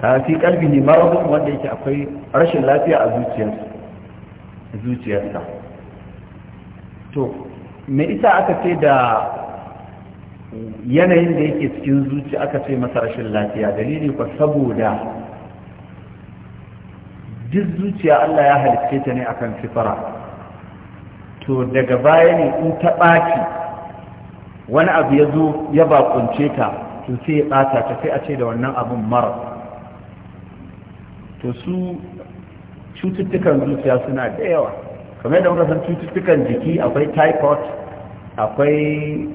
ta fi kalbihi marad wanda yake akwai rashin lafiya a zuciyarsa zuciyarsa to me isa aka ce da yanayin da yake cikin zuci aka ce masa rashin lafiya dalili kwa saboda duk zuciya Allah ya halicce ta ne akan sifara to daga baya ne in ta ɓaci wani abu ya zo ya bakunce ta to sai ya ɓata ta sai a ce da wannan abun mara to su cututtukan zuciya suna da yawa kamar yadda muka san cututtukan jiki akwai typhoid akwai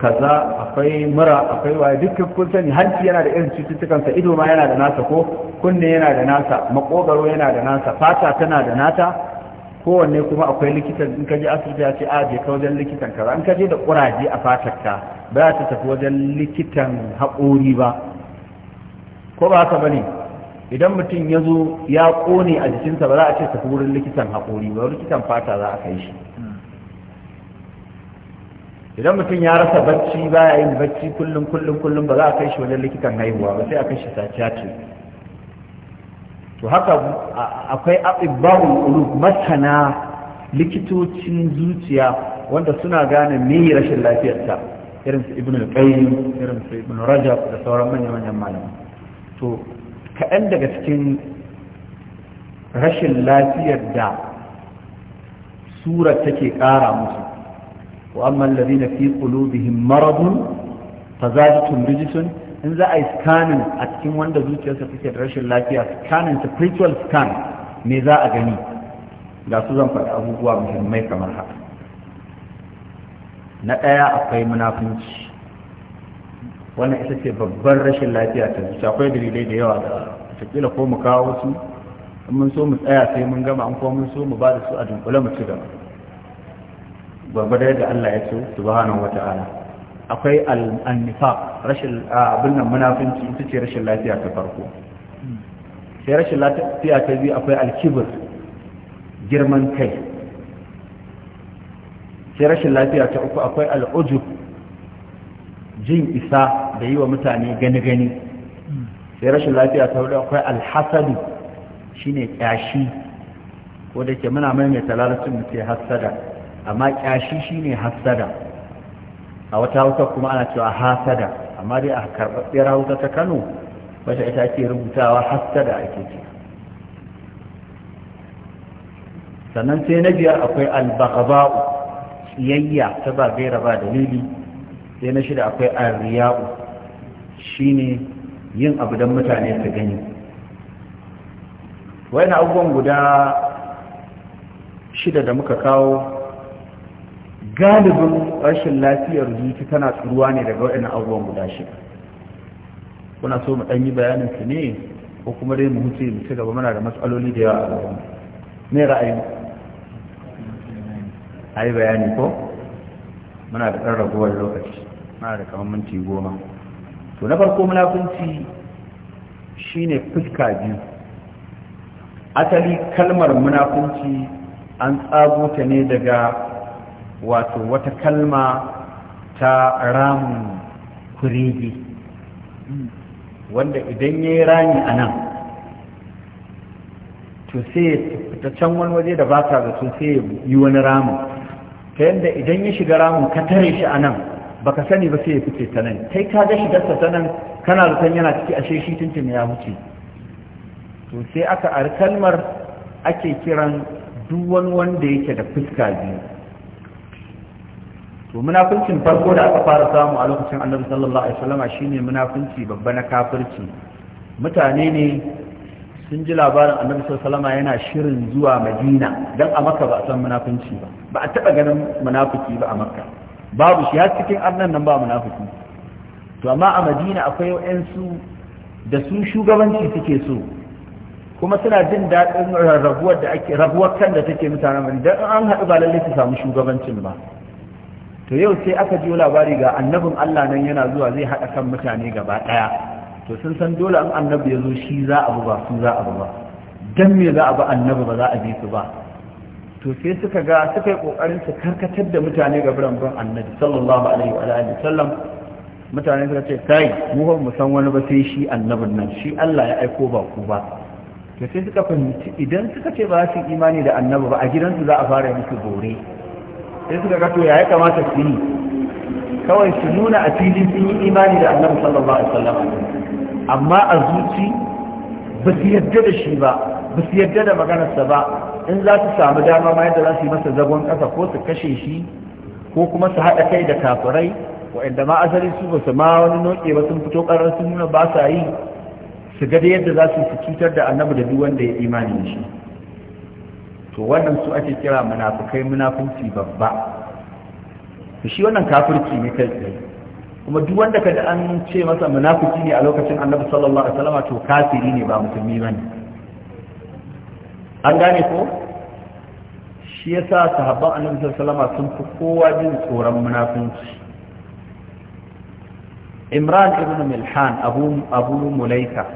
kaza akwai mura akwai waye dukkan kun sani hanci yana da irin cututtukansa ido ma yana da nasa ko kunne yana da nasa makogaro yana da nasa fata tana da nata kowanne kuma akwai likitan in kaje asibiti ya ce a je ka wajen likitan kaza in kaje da kuraje a ka ba ta tafi wajen likitan haƙori ba ko ba haka bane idan mutum ya zo ya kone a jikinsa ba za a ce tafi wurin likitan haƙori ba likitan fata za a kai shi idan mutum ya rasa bacci ba ya yin bacci kullum kullum kullum ba za a kai shi wajen likitan haihuwa ba sai a kai shi saciya ce to haka akwai abibba'ul ulub masana likitocin zuciya wanda suna gane me rashin lafiyarta irin su ibn al-qayyim irin su ibn rajab da sauran manyan manyan malamai to kaɗan daga cikin rashin lafiyar da surar take ƙara musu wa amman ladina fi qulubihim maradun fazadtum rijsun in za a yi scanning a cikin wanda zuciyarsa take da rashin lafiya scanning spiritual scan me za a gani Da su zan faɗi abubuwa muhimmai kamar haka na ɗaya akwai munafunci wannan ita ce babbar rashin lafiya ta zuciya akwai dalilai da yawa da takila ko mu kawo wasu mun so mu tsaya sai mun gama an kuma mun so mu ba da su a dunkule mu ci gaba gwagwadar da Allah ya ce subhanahu wata'ala akwai al-nifaq rashin abin nan munafinci ita ce rashin lafiya ta farko sai rashin lafiya ta biyu akwai al-kibr girman kai sai rashin lafiya ta uku akwai al-ujub jin isa da yi wa mutane gani-gani sai rashin lafiya ta hudu akwai alhasadu shine kyashi ko da ke muna maimaita lalacin mu ce hassada amma kyashi shine hassada a wata hausa kuma ana cewa hassada, amma dai a karɓaɓɓiyar hausa ta kano wata ita ake rubutawa hassada ake ce sannan sai na biyar akwai albagaba'u tsiyayya ta ba gaira ba dalili sai na shida akwai arriya'u shine yin abu don mutane su gani wani abubuwan guda shida da muka kawo galibin rashin lafiyar zuci tana tsuruwa ne daga wa'in abubuwan guda shida kuna so mu ɗanyi bayanin su ne ko kuma dai mu huce mu ci gaba muna da matsaloli da yawa a gaban me ra'ayi a yi bayani ko muna da ɗan raguwar lokaci na da kamar minti goma to na farko munafunci shine fuska biyu asali kalmar munafunci an tsago ta ne daga wato wata kalma ta ramun kurege wanda idan ya yi rami a nan to sai ta can wani waje da ba ta zato sai yi wani ramin ta yadda idan ya shiga ramin ka tare shi a nan baka sani ba sai ya fice ta nan kai ka ga shigar ta nan kana rukan yana ciki ashe shi tuntun ya wuce to sai aka ar kalmar ake kiran duk wani wanda yake da fuska biyu to munafincin farko da aka fara samu a lokacin annabi sallallahu alaihi wasallam shine munafinci babba na kafirci mutane ne sun ji labarin annabi sallallahu alaihi yana shirin zuwa madina dan a makka ba a san munafinci ba ba a taba ganin munafiki ba a makka babu shi har cikin annan nan ba munafiki to amma a madina akwai wa'ansu da su shugabanci suke so kuma suna jin daɗin rarrabuwar da ake rabuwar kan da take mutanen madina dan an haɗu ba lallai su samu shugabancin ba to yau sai aka jiyo labari ga annabin Allah nan yana zuwa zai haɗa kan mutane gaba ɗaya to sun san dole an annabi ya zo shi za a ba su za a ba dan me za a bu annabi ba za a bi su ba to sai suka ga suka yi kokarin su karkatar da mutane ga biran annabi sallallahu alaihi wa alihi sallam mutane suka ce kai mu ba mu san wani ba sai shi annabin nan shi Allah ya aiko ba ku ba to sai suka fahimci idan suka ce ba su imani da annabi ba a gidan su za a fara musu gore. sai suka ga to ya kamata su yi kawai su nuna a filin sun yi imani da annabi sallallahu alaihi wa sallam. amma a zuci ba su yarda da shi ba ba su yarda da maganarsa ba in za su samu dama ma yadda za su yi masa zagon kasa, ko su kashe shi ko kuma su haɗa kai da kafirai waɗanda ma asali su ba su ma wani noke ba sun fito ƙarar sun nuna ba sa yi su ga yadda za su cutar da annabi da duk wanda ya imani da shi to wannan su ake kira munafukai munafunci babba to shi wannan kafirci ne kai tsaye kuma duk wanda da an ce masa munafuki ne a lokacin annabi sallallahu alaihi wasallam to kafiri ne ba musulmi bane an gane ko shi ya yasa sahabban annabi salama sun fi kowa jin tsoron munafunci imran ibn milhan abu mulaika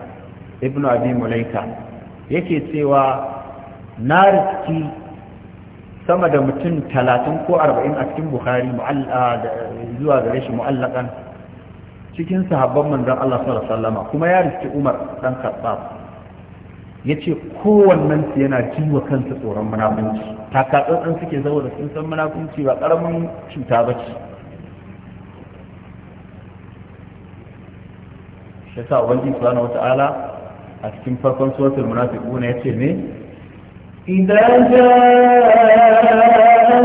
ibn abi mulaika yake cewa na riski sama da mutum talatin ko arba'in a cikin bukhari zuwa gare shi mu'allakan cikin sahabban manzon Allah sallallahu alaihi kuma ya riski umar dan khattab ya ce kowannen su yana jiwa kansa tsoron munafunci takatsantsan suke saboda sun san munafunci ba karamin cuta ba ce shi sa ubangiji subhanahu wata'ala a cikin farkon suratul munafiquna yace ne إذا جاءك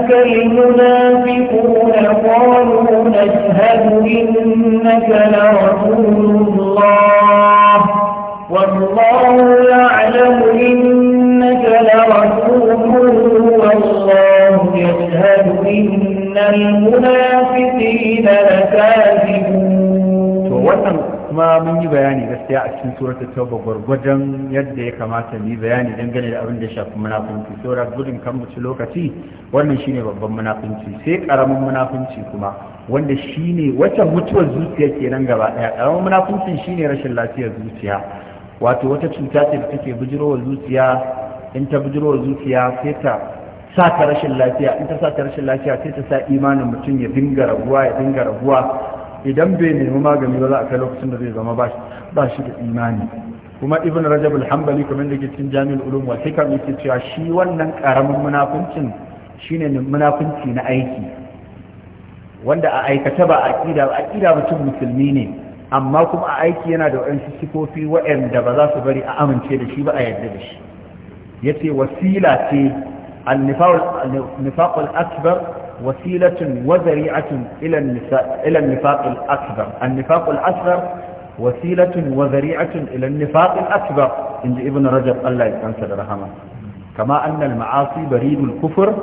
المنافقون قالوا نشهد إنك لرسول الله والله يعلم إنك والله يشهد إن المنافقين لكاذبون kuma mun yi bayani gaskiya a cikin surat tauba gwargwadon yadda ya kamata mu yi bayani dangane da abin da shafi munafunci saura gudun kan mu lokaci wannan shine babban munafunci sai karamin munafunci kuma wanda shine wacce mutuwar zuciya nan gaba daya karamin munafuncin shine rashin lafiyar zuciya wato wata cuta ce da take bijirowa zuciya in ta bijirowa zuciya sai ta sa ta rashin lafiya in ta sa ta rashin lafiya sai ta sa imanin mutum ya dinga raguwa ya dinga raguwa idan bai nemi magani ba za a kai lokacin da zai zama ba shi da imani kuma ibn rajab al kamar da cikin jami'ul ulum wa hikam yake cewa shi wannan karamin munafincin shine munafunci na aiki wanda a aikata ba aqida ba aqida mutum musulmi ne amma kuma a aiki yana da waɗansu sifofi waɗanda ba za su bari a amince da shi ba a yarda da shi ya ce wasila ce annifaqul akbar wasilatun wa zari'atun ila annifaqul akbar annifaqul akbar wasilatun wa zari'atun ila annifaqul akbar ji ibn rajab Allah ya kansa da rahama kama annal al ma'asi baridul kufur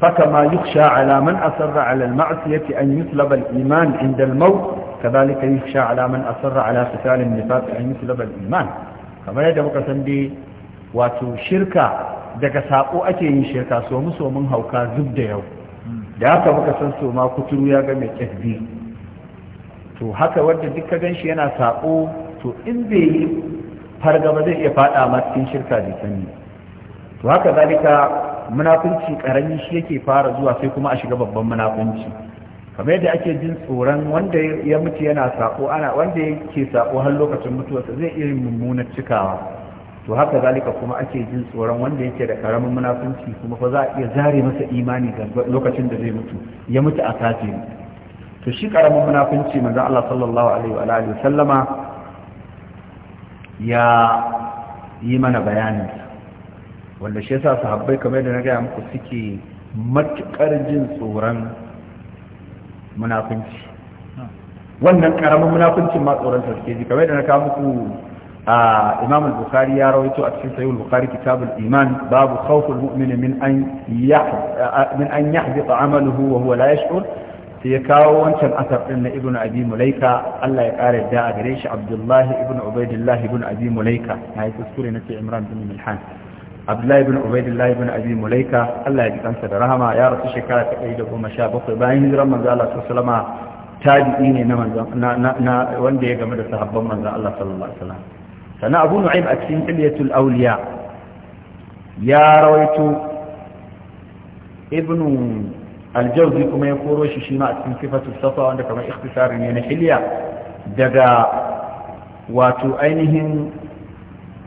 فكما يخشى على من أصر على المعصية أن يطلب الإيمان عند الموت كذلك يخشى على من أصر على قتال النفاق أن يسلب الإيمان كما يدبق سندي واتو شركة daga saƙo ake yin shirka so musu hauka duk da yau da haka muka san soma kuturu ya ga mai kyasbi to haka wanda duka ganshi yana sako to in bai yi fargaba zai iya fada ma cikin shirka da sani to haka zalika munafunci karami shi yake fara zuwa sai kuma a shiga babban munafunci kamar yadda ake jin tsoron wanda ya mutu yana sako ana wanda yake sako har lokacin mutuwarsa zai irin mummunar cikawa to haka zalika kuma ake jin tsoron wanda yake da karamin munafunci kuma fa za a iya zare masa imani lokacin da zai mutu ya mutu a kafin to shi karamin munafunci manzo Allah sallallahu alaihi wa alihi sallama ya yi mana bayani wanda shi yasa sahabbai kamar da na ga muku suke matukar jin tsoron munafunci wannan karamin munafuncin ma tsoron sa suke ji kamar da na kawo muku a Imam al-Bukhari ya rawaito a cikin Sahih al-Bukhari iman babu khawf al-mu'min min an min an yahbita amaluhu wa huwa la yash'ur sai ya kawo wancan asar din na ibnu Abi Mulaika Allah ya kare da a gare shi Abdullahi ibnu Ubaidillah ibn Abi Mulaika na yi kuskure na ce Imran bin Milhan abdullahi bin bin abi mulaika Allah ya kansa da rahama ya rasu shekara ta ɗari da goma sha bakwai bayan hijiran manzo Allah ta salama tabi'i ne na manzo na wanda ya game da sahabban manzo Allah sallallahu alaihi wasallam sana abu nu'aym a cikin ilyatul awliya ya rawaito ibnu aljawzi kuma ya koro shi shi ma a cikin sifatul safa wanda kamar ikhtisari ne na hilya daga wato ainihin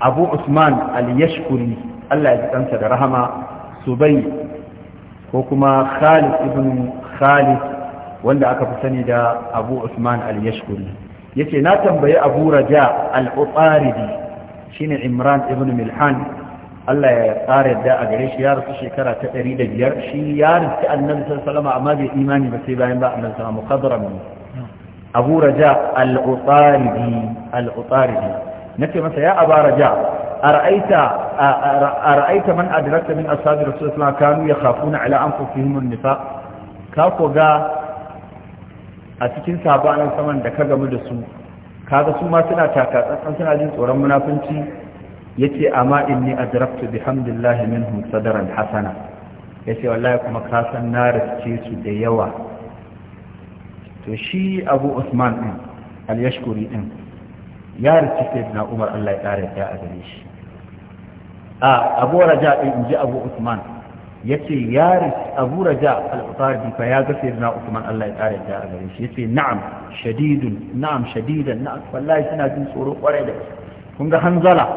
abu usman al-yashkuri allah ya ji kansa da rahama subai ko kuma khalid ibn khalid wanda aka fi sani da abu usman al-yashkuri yace na tambayi abu raja al shine imran ibn milhan Allah ya tsara yadda a gare shi ya rasu shekara ta biyar shi ya rasu annabi sallallahu amma bai imani ba sai bayan ba annabi sallallahu alaihi wasallam abu raja al-utaridi al nace masa ya abaraja a ara'aita man adrakta min ashabi rasulullah kanu yakhafuna ala anfusihim an-nifaq ka ko ga a cikin sabanin saman da ka gamu da su kaga su ma suna takatsantsan suna jin tsoron munafunci yace amma inni adraktu bihamdillahi minhum sadaran hasana yace wallahi kuma ka san na riske su da yawa to shi abu usman din al-yashkuri din ya rici na umar allah ya ƙara ya a gare shi a abu raja ɗin in ji abu usman ya ce ya rici abu raja al'utardi fa ya ga sai na usman allah ya ƙara yadda a gare shi ya ce na'am shadidun na'am shadidan na'am wallahi suna jin tsoro kwarai da kun ga hanzala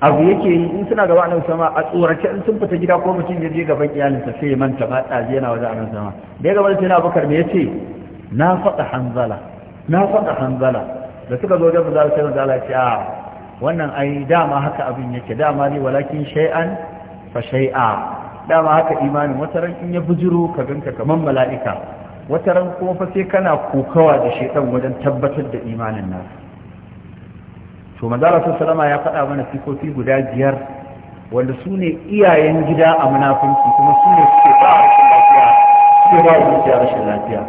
abu yake yi in suna gaba nan sama a tsorace in sun fita gida ko mutum ya je gaban iyalinsa sai ya manta ba ɗazi yana waje a nan sama da ya gaba da sai na abubakar me ya ce na faɗa hanzala na faɗa hanzala da suka zo wajen manzala sai manzala ce a ah, wannan ai dama haka abin yake dama ne walakin shay'an fa shay'a dama haka imanin wata ran in ya bujiro ka ganka kaman mala'ika ran kuma fa sai kana kokawa da shaytan wajen tabbatar da imanin nan to manzala sallama ya faɗa mana sifofi guda biyar wanda su ne iyayen gida a munafunci kuma su ne suke ba rashin lafiya suke ba rashin lafiya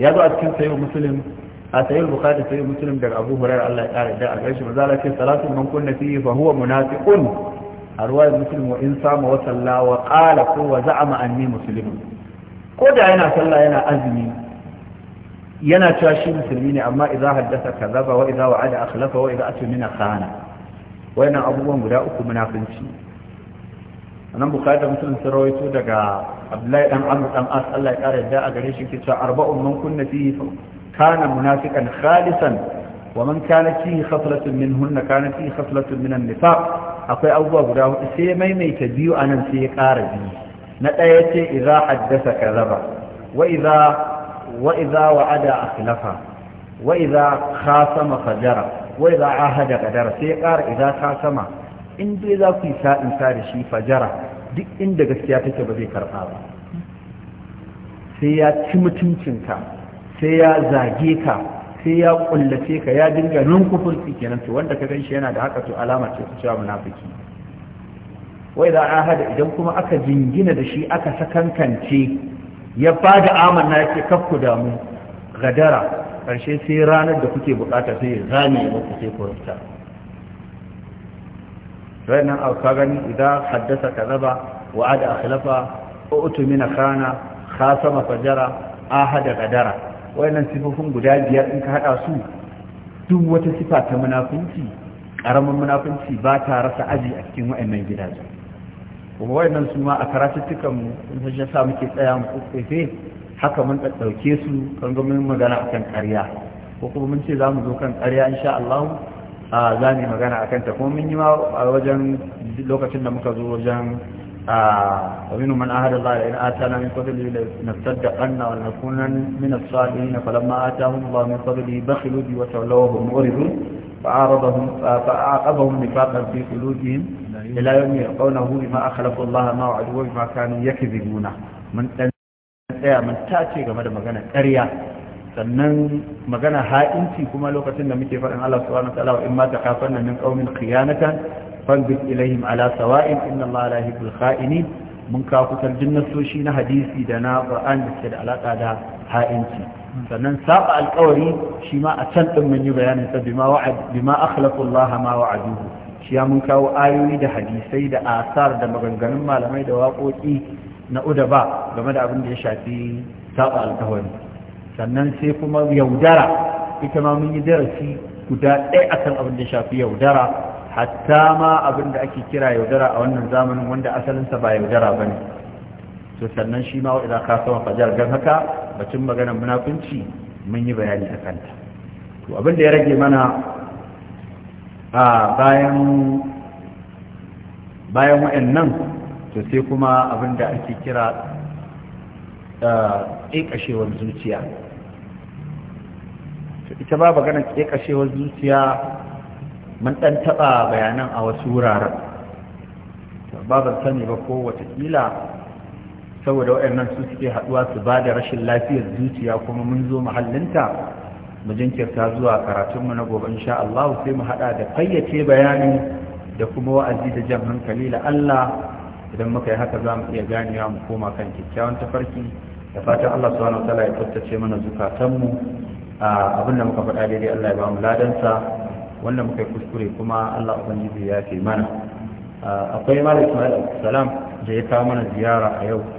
ya zo a cikin sayo musulun a sahih bukhari sahih muslim daga abu hurairah Allah ya kare da a gaishe manzo Allah ce salatu man kunna fihi fa huwa munafiqun a ruwa ruwayar muslim wa in sama wa salla wa qala ko wa za'ama anni muslimun ko da yana sallah yana azumi yana cewa shi musulmi ne amma idza haddasa kazaba wa idza wa'ada akhlafa wa idza atmina khana wayannan abubuwan guda uku munafinci anan bukatar musulun sun rawaito daga abdullahi dan amr dan as Allah ya kare da a gare shi ke cewa arba'un man kunna fihi kana munafiqan khalisan wa man kana fihi khaflatun minhunna kana fihi khaflatun min an-nifaq akwai abubuwa guda hudu sai maimaita biyu anan sai ya ƙara biyu na ɗaya ce idza haddasa kadhaba wa idza wa idza wa'ada akhlafa wa idza khasama fajara wa idza ahada qadara sai ya ƙara idza khasama in dai za ku yi sa'in sa da shi fajara duk inda gaskiya take ba zai karɓa ba sai ya ci mutuncinka sai ya zage ka sai ya kullace ka ya dinga nun kufur kenan to wanda ka ganshi yana da haka to alama ce ta cewa munafiki wai da ahada idan kuma aka jingina da shi aka sakankance ya bada amanna yake kafku damu gadara karshe sai ranar da kuke bukata sai ya zame muku sai ku rufta ranar aka gani idan haddasa kazaba wa'ada akhlafa utumina kana khasama fajara ahada gadara wayannan sifofin guda biyar in ka haɗa su duk wata sifa ta munafunci ƙaramin munafunci ba ta rasa aji a cikin wayannan gidaje kuma wayannan su ma a karatuttukan mu in sun sa muke tsaya mu tsefe haka mun ɗauke su kan mun magana akan ƙarya ko kuma mun ce za mu zo kan ƙarya insha Allah za mu magana akan ta kuma mun yi ma a wajen lokacin da muka zo wajen ومنهم من عهد الله إن آتانا من فضله لنصدقن ولنكونن من الصالحين فلما آتاهم الله من فضله بخلوا به وتولوا وهم معرضون فأعرضهم فأعقبهم نفاقا في قلوبهم إلى يوم يلقونه بما أخلفوا الله ما وعدوا بما كانوا يكذبون من tsaya mun tace game da magana ƙarya sannan magana ha'inci kuma lokacin da muke faɗin Allah subhanahu wa ta'ala in ma takafanna min qaumin khiyanatan fanbit ilaihim ala sawa'in inna Allah la yuhibbul kha'inin mun ka kusan jinnasoshi na hadisi da na Qur'an da suke da alaka da ha'inci sannan saba alƙawari shi ma a can din mun yi bayanin sa bima wa'ad bima akhlaqu Allah ma wa'aduhu shi ya mun kawo ayoyi da hadisai da asar da maganganun malamai da waƙoƙi na udaba game da abin da ya shafi saba alƙawari sannan sai kuma yaudara ita ma mun yi darasi guda ɗaya akan abin da shafi yaudara hatta ma abin da ake kira yaudara a wannan zamanin wanda asalinsa ba yaudara ba ne to sannan shi ma wa'iza ka sama fajar don haka bacin maganar munafunci mun yi bayani a kanta to abin da ya rage mana a bayan bayan wa'annan to sai kuma abin da ake kira ƙeƙashewar zuciya ita ba maganar ƙeƙashewar zuciya mun ɗan taɓa bayanan a wasu wuraren babar sani ba ko watakila saboda waɗannan su suke haɗuwa su ba da rashin lafiyar zuciya kuma mun zo mahallinta mu jinkirta zuwa karatunmu na gobe insha Allah sai mu haɗa da fayyace bayani da kuma wa'azi da jan hankali da Allah idan muka yi haka za mu iya ganewa mu koma kan kyakkyawan tafarki da fatan Allah subhanahu wa ta'ala ya tsaftace mana zukatanmu ah, abin da muka faɗa daidai Allah ya ba mu ladansa wanda muka kuskure kuma Allah ubangiji ya ke mana ah, akwai malik salam da ya kawo mana ziyara a yau